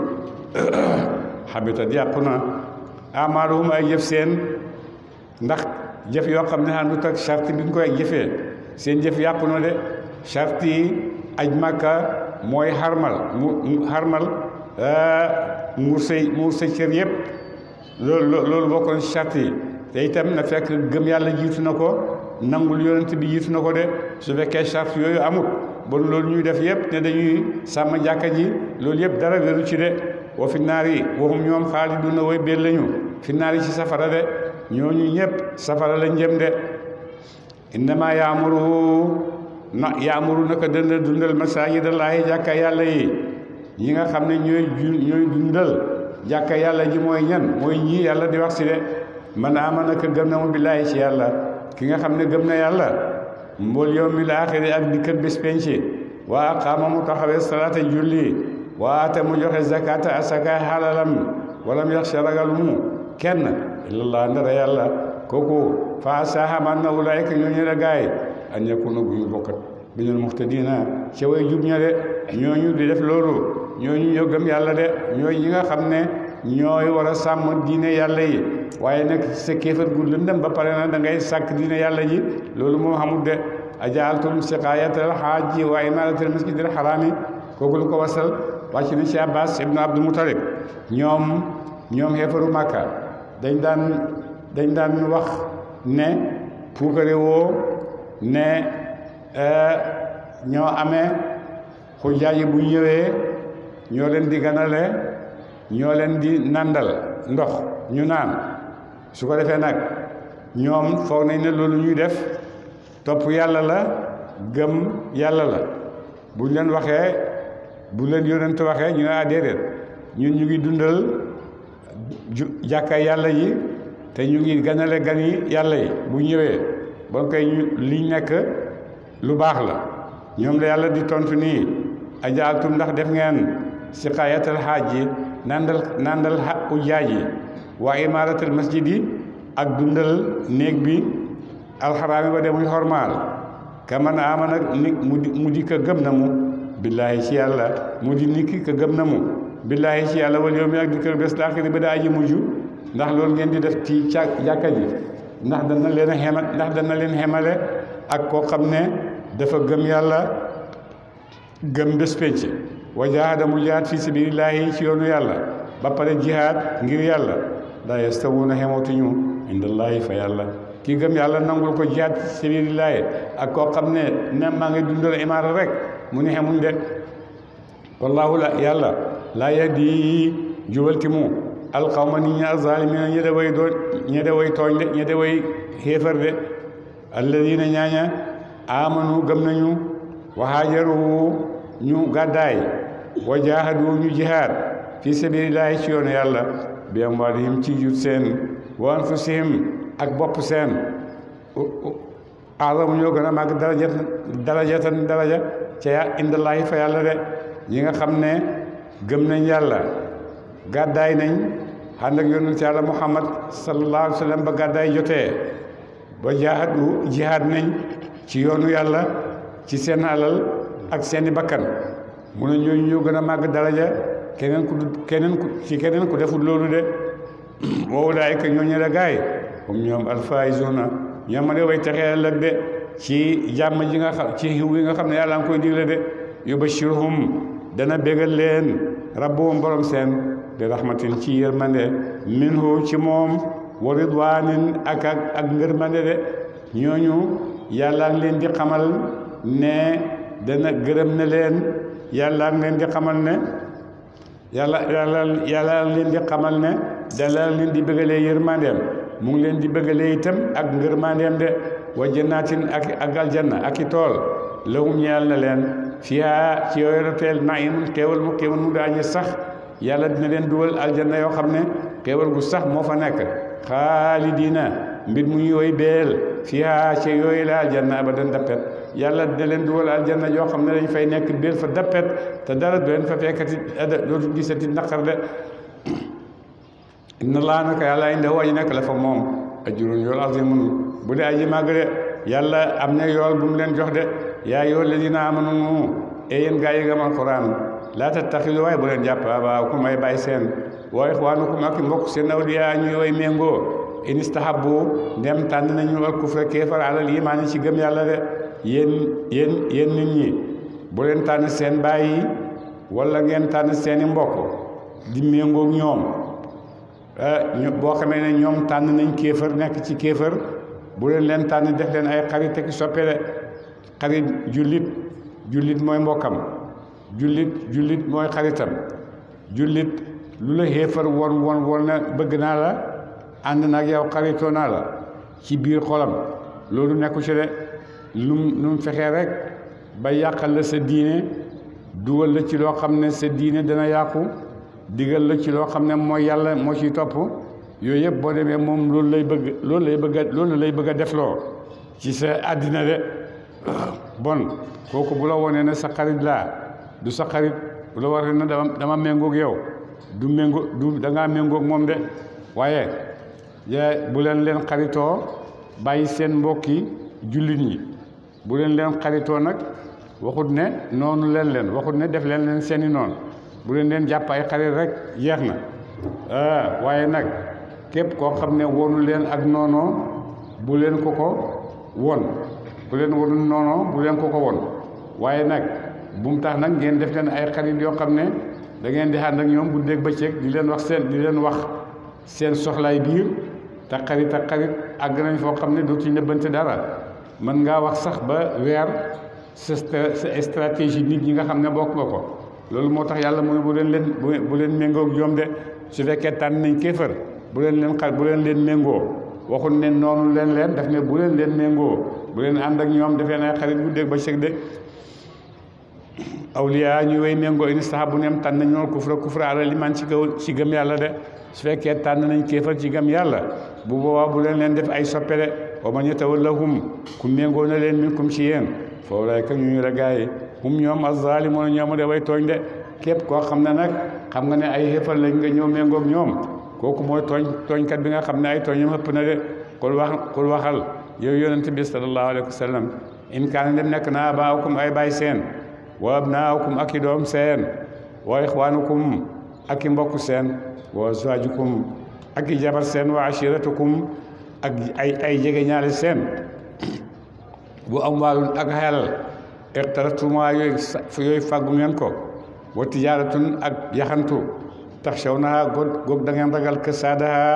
xabitat *coughs* yàqu na amaaluhum ay jëf seen ndax jëf yoo xam ne àndut ak charte bi ñu koy jëfee seen jëf yàqu na de charte yi aj mooy xarmal mu xarmal euh, muur say yëpp loolu loolu bokkoon te itam na fekk gëm yàlla jiitu na ko nangul yonent bi jiitu na ko de su fekkee charte yooyu amut bon loolu ñuy def yëpp ne dañuy sàmm jàkka ji loolu yëpp dara wéru ci de wa fi naar yi waxum ñoom xaaliduna way béel lañu fi naar yi ci safara de ñooñu ñëpp safara lañ jëm de innama yaamuru na yaamuru naka dana dundal masaajida laahi jàkka yàlla yi ñi nga xam ne ñooy ñooy dundal jàkka yàlla ji mooy ñan mooy ñii yàlla di wax de man amana ka gëm na mu billaahi ci yàlla ki nga xam ne gëm na yàlla mbool yawmil aaxiri ak di kër bés penc waa mu taxawee salaata julli waa te mu joxe zakata asaka xalalam walam yaxsha ragal mu kenn illallah ndara yàlla kooku fa saaxaman na ulaayka ñooñu la gaay an yakunu bu ñu bokkat bi ñul muhtadina ca jub ña de ñooñu di def loolu ñooñu ñoo gëm yàlla de ñooy ñi nga xam ne ñooy war sàmm diine yàlla yi waaye nag sa kéefar gu lëndëm ba pare na dangay ngay sàkk diine yàlla ji loolu moo xamul de ajaaltum siqaayatal xaaji wa imaaratal masjidil xaraami kooku lu ko wasal wàcc na ci abbas ibnu abdul mutalib ñoom ñoom xeefaru màkka dañ daan dañ wax ne puukare woo ne euh, ñoo amee xujjaaji bu ñëwee ñoo leen di ganale ñoo leen di nàndal ndox ñu naan su ko defee nag ñoom foog nañ ne loolu ñuy def topp yàlla la gëm yàlla la buñ leen waxee bu leen yónent waxee ñu ne ah ñu ñu ngi dundal jàkka yàlla yi te ñu ngi ganale gan yàlla yi bu ñëwee bon koy liñ nekk lu baax la ñoom la yàlla di tontu nii ajaaltum ndax def ngeen siqaayatal xaaj yi nandal nandal xaqu jaaj yi waa imaaratal masjid yi ak dundal néeg bi alxaraami ba de muy xormaal ka man amana ni mu di ka gëm na mu billaahi ci yàlla mu di niki ka gëm na mu billaahi ci yàlla wal yawmi ak di kër bés laaxiri ba daa aji mujj ndax loolu ngeen di def ci ca jàkka ji ndax dana leen xema ak koo xam ne dafa gëm yàlla gëm bés penc wa jaahada mu jaat fi sabilillaahi ci yoonu yàlla ba pare jihaad ngir yàlla laa yastawuuna xemootuñu indallaahi fa yàlla ki gëm yàlla nangul ko jihaad fi ak koo xam ne ne maa ngi dundal imaara rek mu ni xemuñ de wallaahu la yàlla laa yahdi jubalti mu alxawma nit ñi azaalimiina ñe de way tooñ de ñe de de alladiina ñaaña amanu gëm nañu wa haajaru ñu gàddaay wa jaahadu ñu jihaad fi sabilillaahi ci yoonu yàlla bi amwaalihim ci jur seen wa anfusihim ak bopp seen azamu ñoo gën a màgg daraja darajatan daraja ca ya fa yàlla de ñi nga xam ne gëm nañ yàlla gàddaay nañ ànd ak yonent yàlla muhammad sallallahu alayhi wa sallam ba gàddaay jotee ba jaahadu jihaad ci yoonu yàlla ci seen alal ak seeni bakkan mu ne ñooñu ñoo gën a màgg daraja keneen ku keneen ku ci keneen deful loolu de *clears throat* wa ulaayika ñooñu la gaay hum ñoom alfaizuna ñoom ma de way texee de ci jàmm ji nga xam ci xiw wi nga xam ne yàlla ngi koy digle de yubashiruhum dana bégal leen rabbuhum borom seen bi rahmatin ci yërmande minhu ci moom wa ridwanin ak ak ak ngërmande de ñooñu yàlla leen di xamal ne dana gërëm ne leen yàlla ngi leen di xamal ne yàlla yàlla yàlla leen di xamal ne dana leen di bëggalee yërmandeem mu ngi leen di bëggalee itam ak ngërmandeem de wa jannaatin ak ak aljanna ak i tool lawum ñeel na leen fiyaa ci yooyu roteel na imun xéewal mu xéewal mu daañu sax yàlla dina leen dugal aljanna yoo xam ne xéewal gu sax moo fa nekk xaalidiina mbir mu ñuy woy beel fiyaa ci yooyu la aljanna abadan dappet yàlla da leen dugal aljanna yoo xam ne dañ fay nekk biir fa dappet te dara du leen fa fekkati ada dootu gisati naqar de inna laa naka yàlla inde waji nekk la fa moom ajurun yool azimun bu dee aji màgg de yàlla am na yool bu mu leen jox de yaa yool la dina amanu e yéen gaa yi gamal quran laa tattaxidu waaye bu leen jàpp abaakum ay bàyyi seen wa ixwaanukum ak mbokk seen awliyaa ñuy way méngoo in istahabu ndem tànn nañu al ci gëm yàlla yéen yéen yéen nit ñi bu leen tànn seen baay yi wala ngeen tànn seeni mbokk di méngoog ñoom eh, boo xamee ne ñoom tànn nañ kéefër nekk ci kéefër bu leen leen tànn def leen ay xarit ak soppe de xarit jullit jullit mooy mbokkam jullit jullit mooy xaritam jullit lu la xéefar won won won na bëgg naa la ànd nag yow xaritoo naa la ci biir xolam loolu nekku ci de lu nu fexee rek ba yàqal la sa diine dugal la ci loo xam ne sa diine dana yàqu digal la ci loo xam ne mooy yàlla moo ciy topp yooyu yëpp boo demee moom loolu lay bëgg loolu lay bëgg a loolu lay bëgg a defloo ci sa àddina de bon kooku bu la wonee na sa xarit laa du sa xarit bu la waree ne dama dama méngoog yow du méngoo du da ngaa moom de waaye bu leen leen xaritoo bàyyi seen mbokki jullit yi bu leen leen xaritoo nag waxut ne noonu leen leen waxut ne def leen leen seeni noon bu leen leen jàpp ay xarit rek yeex na ah waaye nag képp koo xam ne wonu leen ak noonoo bu leen ko ko won bu leen wonu noonoo bu leen ko ko won waaye nag bu mu tax nag ngeen def leen ay xarit yoo xam ne da ngeen di ànd ak ñoom bu ba bëccëg di leen wax seen di leen wax seen soxlaay biir te xarit ak xarit àgg nañ foo xam ne dootuñ nëbbante dara man ngaa wax sax ba weer sa sa stratégie nit ñi nga xam ne bokk nga ko loolu moo tax yàlla mu bu leen leen bu leen méngoo ak ñoom su fekkee tànn nañ kéefër bu leen leen bu leen leen méngoo waxuñ ne noonu leen leen daf ne bu leen leen méngoo bu leen ànd ak ñoom defee na xarit bu dégg ba sëg de awliya ñu way méngoo ini sax bu nem tànn ñoo kufra kufra ala liman ci kaw ci gëm yàlla de su fekkee tànn nañ kéefër ci gëm yàlla bu boobaa bu leen leen def ay soppe de wa man yatawallahum ku méngoo na leen minkum ci yéen fa ulaayka ñu ñu la gaay hum ñoom azzaalimuuna ñoom de way tooñ de képp koo xam ne nag xam nga ne ay xéefal lañ nga ñëw méngoog ñoom kooku mooy tooñ tooñkat bi nga xam ne ay tooñam ëpp na de kul wax kul waxal yow yonent bi sallallahu alayhi wa in kaana dem nekk na abaakum ay baay seen wa abnaakum ak i doom seen wa ixwaanukum ak i mbokk seen wa azwaajukum ak i jabar seen wa ashiratukum ak ay ay jege ñaari seen bu am waalun ak xelal iqtaratuma yooyu yooyu fàggu ngeen ko wa tijaaratun ak yaxantu tax sew naa goog da ngeen ragal kë saadaha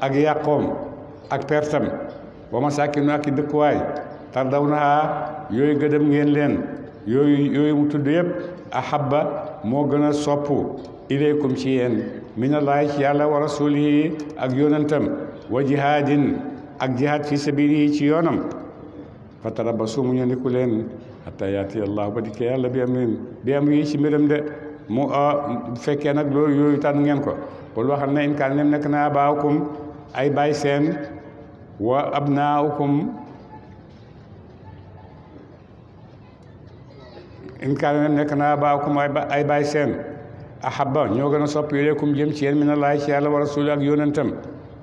ak yàqoom ak pertam wa masaakinu ak dëkkuwaay tardaw naa yooyu gëdëm ngeen leen yooyu yooyu mu tudd yëpp moo gën a soppu ilaykum ci yéen minallahi ci yàlla wa rasulihi ak yonantam wa jihaadin ak jihaad fi sabilihi ci yoonam fa tarabasu mu ñëndiku leen hatta yaati allah ba dikkee yàlla bi amrin bi am yi ci mbiram de mu fekkee nag loolu yooyu tànn ngeen ko wala waxam ne in kaan nem nekk na abaakum ay baay seen wa abnaakum in nem nekk na abaakum ay baay seen ahabba ñoo gën a sopp ilaykum jëm ci yéen mi na laay ci yàlla wa rasul ak yónantam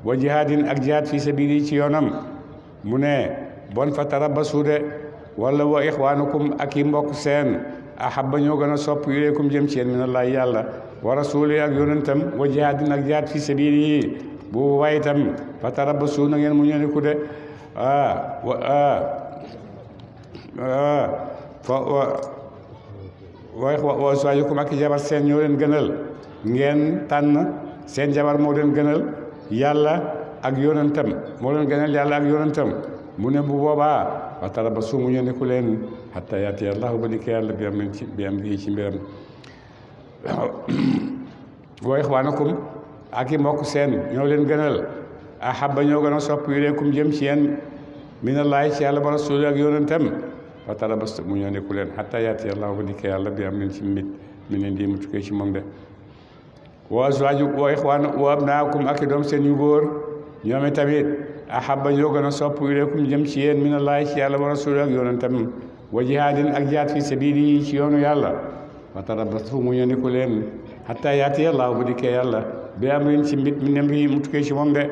wa jihaadin ak jihaad fi sabili ci yoonam mu ne bon fa tarabbasu de wala wa ixwaanukum ak yi mbokk seen ahabba ñoo gën a sopp ilaykum jëm ci yéen mi na laay yàlla wa rasuli ak yónantam wa jihaadin ak jihaad fi sabili bu waay itam fa tarabbasu na ngeen mu ñëniku de ah wa wa zawjukum ak jabar seen ñoo leen gënal ngeen tànn seen jabar moo leen gënal yàlla ak yonentam moo leen gënal yàlla ak mu ne bu boobaa wa ba mu ñëndiku leen hatta yaatiya Allahu ba dikkee yàlla bi am leen ci bi am lii ci mbiram *coughs* wa ixwaanakum ak i mbokk seen ñoo leen gënal ahabba ñoo gën a sopp ilaykum jëm ci yéen minallaahi ci yàlla ba rasuuli ak yonentam fa talabastu mu ñoo neku leen xataa yaati allahu ba dikkee yàlla bi am leen ci mit mi mu tukkee ci moom de wa azwaajukum wa abnaakum ak i doom seen yu góor ñoom tamit ahabba ñoo gën a sopp ilaykum jëm ci yéen minallahi ci yàlla wa rasuuli ak yonentam wa jihaadin ak jihaad fi sabiili ci yoonu yàlla fa talabastu mu ñoo neku leen xataa yaati allahu ba dikkee yàlla bi am leen ci mbit mi mu tukkee ci moom de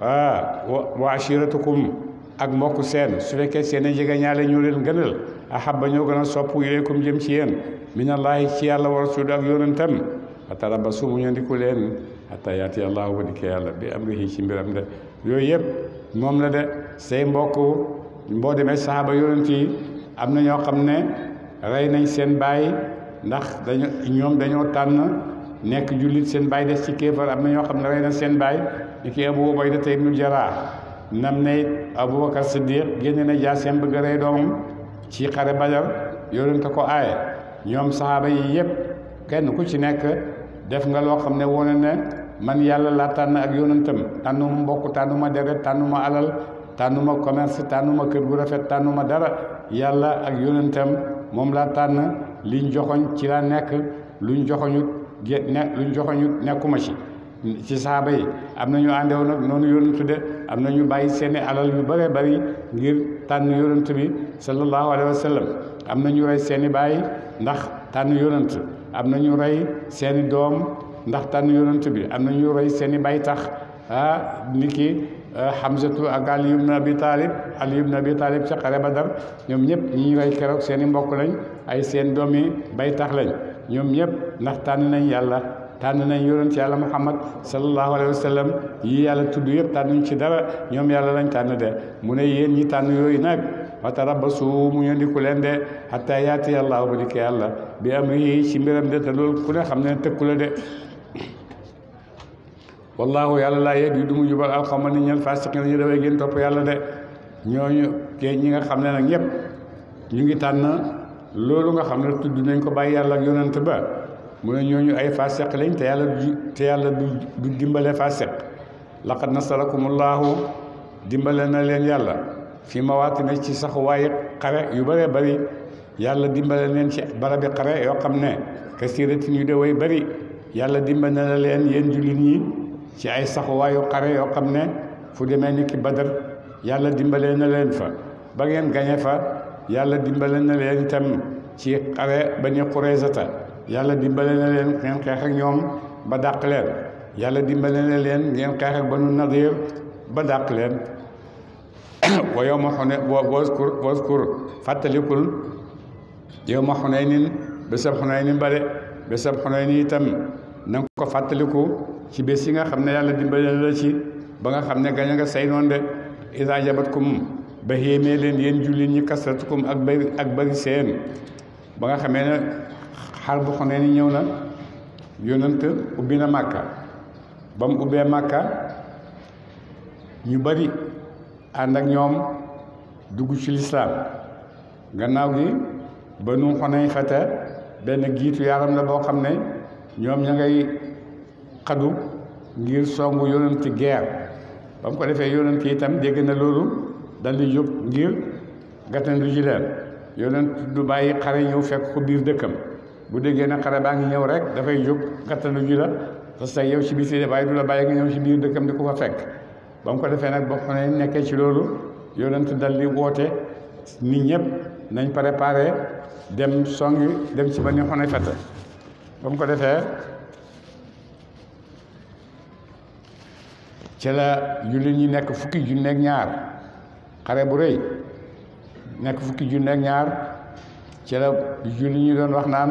wa ashiratukum ak mbokk seen su fekkee seen i jegeñaale ñoo leen gënal ahabba ñoo gën a sopp ilaykum jëm ci yéen minallaahi ci yàlla wa rasuuli ak yonentam fatarabbasu mu ñandiku leen hatta yaati yàlla ba dikkee yàlla bi amrihi ci mbiram de yooyu yëpp moom la de say mbokk boo demee saxaaba yonent yi am na ñoo xam ne rey nañ seen baay ndax dañu ñoom dañoo tànn nekk jullit seen baay des ci kéefar am na ñoo xam ne rey nañ seen baay ni nam ne Abubakar Siddiq génne na jaaseem bëgg a rey doomam ci xare Badar yonent ko aaye ñoom saxaaba yi yépp kenn ku ci nekk def nga loo xam ne wone ne man yàlla laa tànn ak yonentam tànnuma mbokk tànnuma deret tànnuma alal tànnuma commerce tànnuma kër gu rafet tànnuma dara yàlla ak yonentam moom laa tànn liñ joxoñ ci laa nekk luñ joxoñut ne luñ joxoñut nekkuma ci ci saaba yi am na ñu àndewoon ak noonu yonent de am na ñu bàyyi seeni alal yu bëree bëri ngir tànn yonent bi sallallahu alayhi wa am na ñu rey seeni baay ndax tànn yonent am na ñu rey seeni doom ndax tànn yonent bi am na ñu rey seeni bay tax ah ni ki Hamzatu ak Ali ibn Abi Talib Ali na Abi Talib ca xare Badar ñoom ñëpp ñi ñu rey keroog seeni mbokk lañ ay seen doom yi bay tax lañ ñoom ñëpp ndax tànn nañ yàlla tànn nañ yonent yàlla muhammad sallallahu alayhi wa sallam yi yàlla tudd yëpp tànnuñ ci dara ñoom yàlla lañ tànn de mu ne yéen ñi tànn yooyu nag fatarabasu mu ñëndiku leen de hatta yaati yàllaahu ba dikke yàlla bi amrihi ci mbiram de te loolu ku ne xam ne tëkku la de wallaahu yàlla laa yed yi du mu jubal alxawma ni ñeen fasiqin ñu daway gën topp yàlla de ñooñu ñi nga xam ne nag ñëpp ñu ngi tànn loolu nga xam ne tudd nañ ko bàyyi yàlla ak yonent ba mu ne ñooñu ay fasiq lañ te yàlla du te yàlla du dimbale fasiq laqad nasarakumullahu dimbale na leen yàlla fi mawaatina ci sax waaye yu bëree bëri yàlla dimbale leen ci barabi xare yoo xam ne kasiratin yu de way bëri yàlla dimbale na leen yéen jullit ñi ci ay saxuwaayu xare yoo xam ne fu demee ni ki badar yàlla dimbale na leen fa ba ngeen gañe fa yàlla dimbale na leen tam ci xare ba ni xureesata yàlla dimbale na leen ngeen xeex ñoom ba dàq leen yàlla dimbale na leen ngeen ba ak nag nadir ba dàq leen *coughs* wa yow ma xone waskur waskur fàttalikul yow ma xoney nin bésab xoney nin ba de bésab xoney ni itam na ko fàttaliku ci bés yi nga xam ne yàlla dimbale na la ci ba nga xam ne gañ a nga say noon de isa jabatkum ba xéemee leen yéen jullit ñi kasratukum ak bëri ak bëri seen ba nga xamee ne xar bu xonee ni ñëw na yonent ubbi na màkka ba ubbee màkka ñu bari ànd ak ñoom dugg ci lislaam gannaaw gi ba nu xonee xete benn giitu yaaram na boo xam ne ñoom ña ngay xadu ngir songu yonent guerre ba mu ko defee yonent itam dégg na loolu dal di jóg ngir gàttandu ji leen yonent du bàyyi xare ñëw fekk ko biir dëkkam bu déggee na xare baa ngi ñëw rek dafay jóg kattanu ji la parce que yow ci biir si waaye du la bàyyi nga ñëw ci biir dëkkam di ko fa fekk ba mu ko defee nag bokk na nekkee ci loolu yonent dal di woote nit ñëpp nañ préparé dem songi dem ci ba ñu xone fete ba mu ko defee ci la jullit ñi nekk fukki junneeg ñaar xare bu rëy nekk fukki junneeg ñaar ci la julli ñu doon wax naan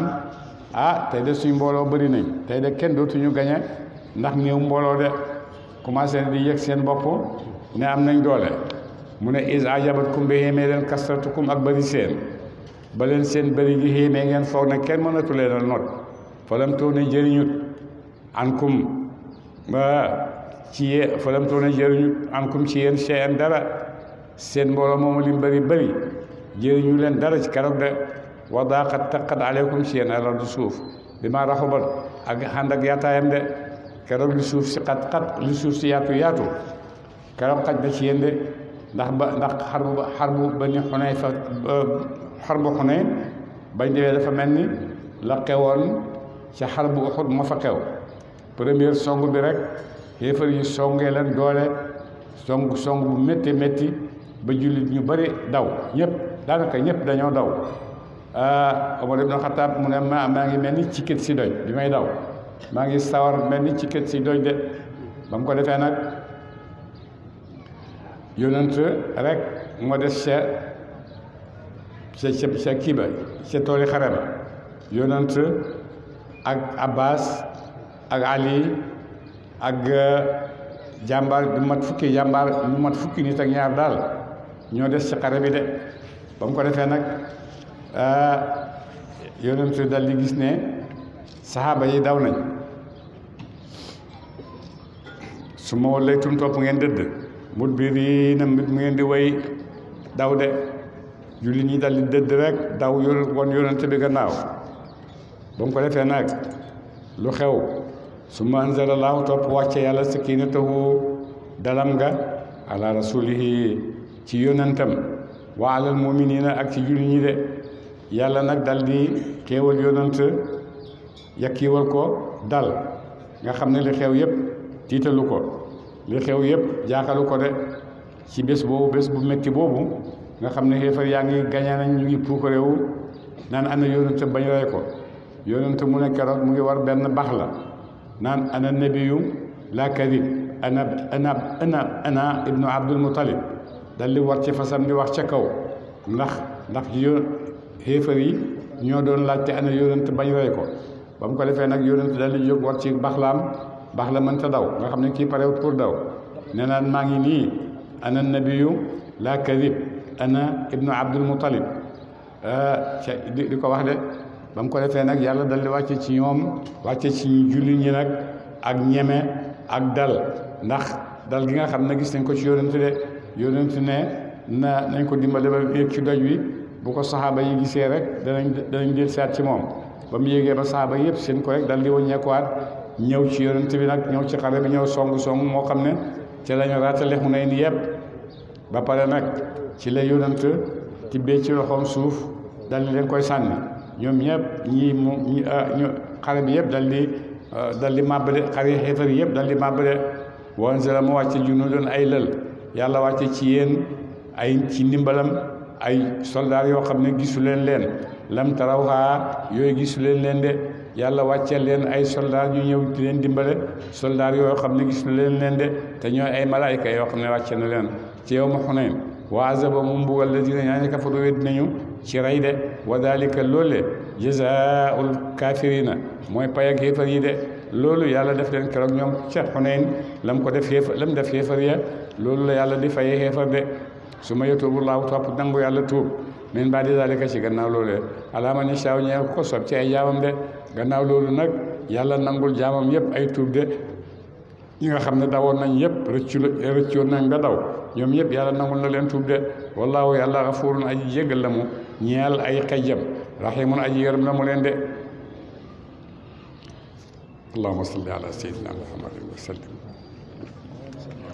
ah tey de mbooloo bari nañ tey de kenn dootuñu gañe ndax néew mbooloo de commencé di yëg seen bopp ne am nañ doole mu ne is ajabat kum bi xéemee leen kastratukum ak bëri seen ba leen seen bëri gi xéemee ngeen foog ne kenn mënatu leen a not falam too ne jëriñut an kum ci yéen falam too ne jëriñut an kum seen dara seen mbooloo moomu lim bari bëri jëriñu leen dara ci keroog de wa daqat taqat aleykum si yéen alardu suuf bi ma raxuban ak ànd ak yaataayam de keroog li suuf si xat xat li suuf si yaatu yaatu keroog xaj na ci yéen de ndax ba ndax xarbu xarbu ba ni xunay fa xarbu xunay dafa mel ni la xewoon ci bu uxud ma fa xew première song bi rek xéefar yu songee leen doole song song bu métti métti ba jullit ñu bari daw ñëpp daanaka ñëpp dañoo daw Ah, Omar ibn Xataab mu ne ma maa ngi mel ni ci kët si doj bi may daw maa ngi sawar mel ni ci kët si doj ko defee nag yonent rek moo des ca ca kii ba ca tooli xare ba yonent ak Abbas ak Ali ak eh, jàmbaar du mat fukki jàmbaar du mat fukki ak ñaar daal ñoo des ci bi de ba mu ko defee nag Euh, yonentu dal di gis ne saxaaba yi daw nañ su ma wallaytum topp ngeen dëdd mut biir yi na mbit mu ngeen di way daw de julli ñi dal di dëdd rek daw won yonent bi gannaaw ba ko defee nag lu xew su ma anzalallahu topp wàcce yàlla sakinatahu dalam nga ala rasulihi ci yonentam wa alal muminina ak ci julli ñi de yàlla nag dal di xéewal yonant yakkiwal ko dal nga xam ne li xew yépp tiitalu ko li xew yëpp jaaxalu ko de ci bés boobu bés bu metti boobu nga xam ne xeefar yaa ngi gañaa nañ ñu ngi puukareewu naan ana yonant bañ rey ko yonant mu ne keroog mu ngi war benn baax la naan ana nabiyu la kadib ana ana ana ana ibnu abdul muttalib dal war ci fasam di wax ca kaw ndax ndax yo xéefar yi ñoo doon laajte ana yonent bañ rey ko ba mu ko defee nag yonent daal di jóg war ci baxlaam bax la mënta daw nga xam ne kii parewut pour daw nee naan maa ngi nii ana nabiyu la kadib ana ibnu abdul mutalib ah, di ko wax de ba mu ko defee nag yàlla dal di wàcce ci ñoom wàcce ci julli ñi nag ak ñeme ak dal ndax dal gi nga xam ne gis nañ ko ci yonent de yonent ne na nañ ko dimbale ba yëg ci doj wi bu ko saxaaba yi gisee rek danañ danañ del saat ci moom ba mu yéegee ba saxaaba yëpp seen ko rek dal di ñëw ci yonent bi nag ñëw ci xare bi ñëw song song moo xam ne ca lañu raatale mu nay ni pare nag ci la yonent tibbee ci loxoom suuf dal di koy sànni ñoom ñëpp ñi mu ah, ñu xare bi yëpp dal di ah, dal di màbbale xare yi xeefar yëpp dal di màbbale wanzala mu wàcce junnu doon ay lël yàlla wàcce ci yéen ay ci ndimbalam ay soldaar yoo xam ne gisu leen leen lam tarawhaa yooyu gisu leen leen de yàlla wàccee leen ay soldaar ñu ñëw di leen dimbale soldaar yoo xam ne gisu leen leen de te ñooy ay malaayka yoo xam ne wàcce na leen ci yow ma Xunayn wa azaba mu mbugal la dina ñaa ñi kafaru wedd nañu ci rey de wa dalika loolu jazaa'ul kaafirina mooy pay ak yi de loolu yàlla def leen keroog ñoom ca Xunayn lam ko def yéefar lam def yéefar ya loolu la yàlla di fayee de su ma yatubu laahu topp nangu yàlla tuub min baadi zalika ci gannaaw loolee alaa man yashaa ñee ko sob ci ay jaamam de gannaaw loolu nag yàlla nangul jaamam yëpp ay tuub de ñi nga xam ne dawoon nañ yëpp rëccu rëccoon nañ ba daw ñoom yëpp yàlla nangul na leen tuub de wallaahu yàlla xafuurun aji jéggal la mu ñeel ay xejjam raximun aji yërëm la mu leen de allahumma salli ala sayyidina muhammadin wa sallim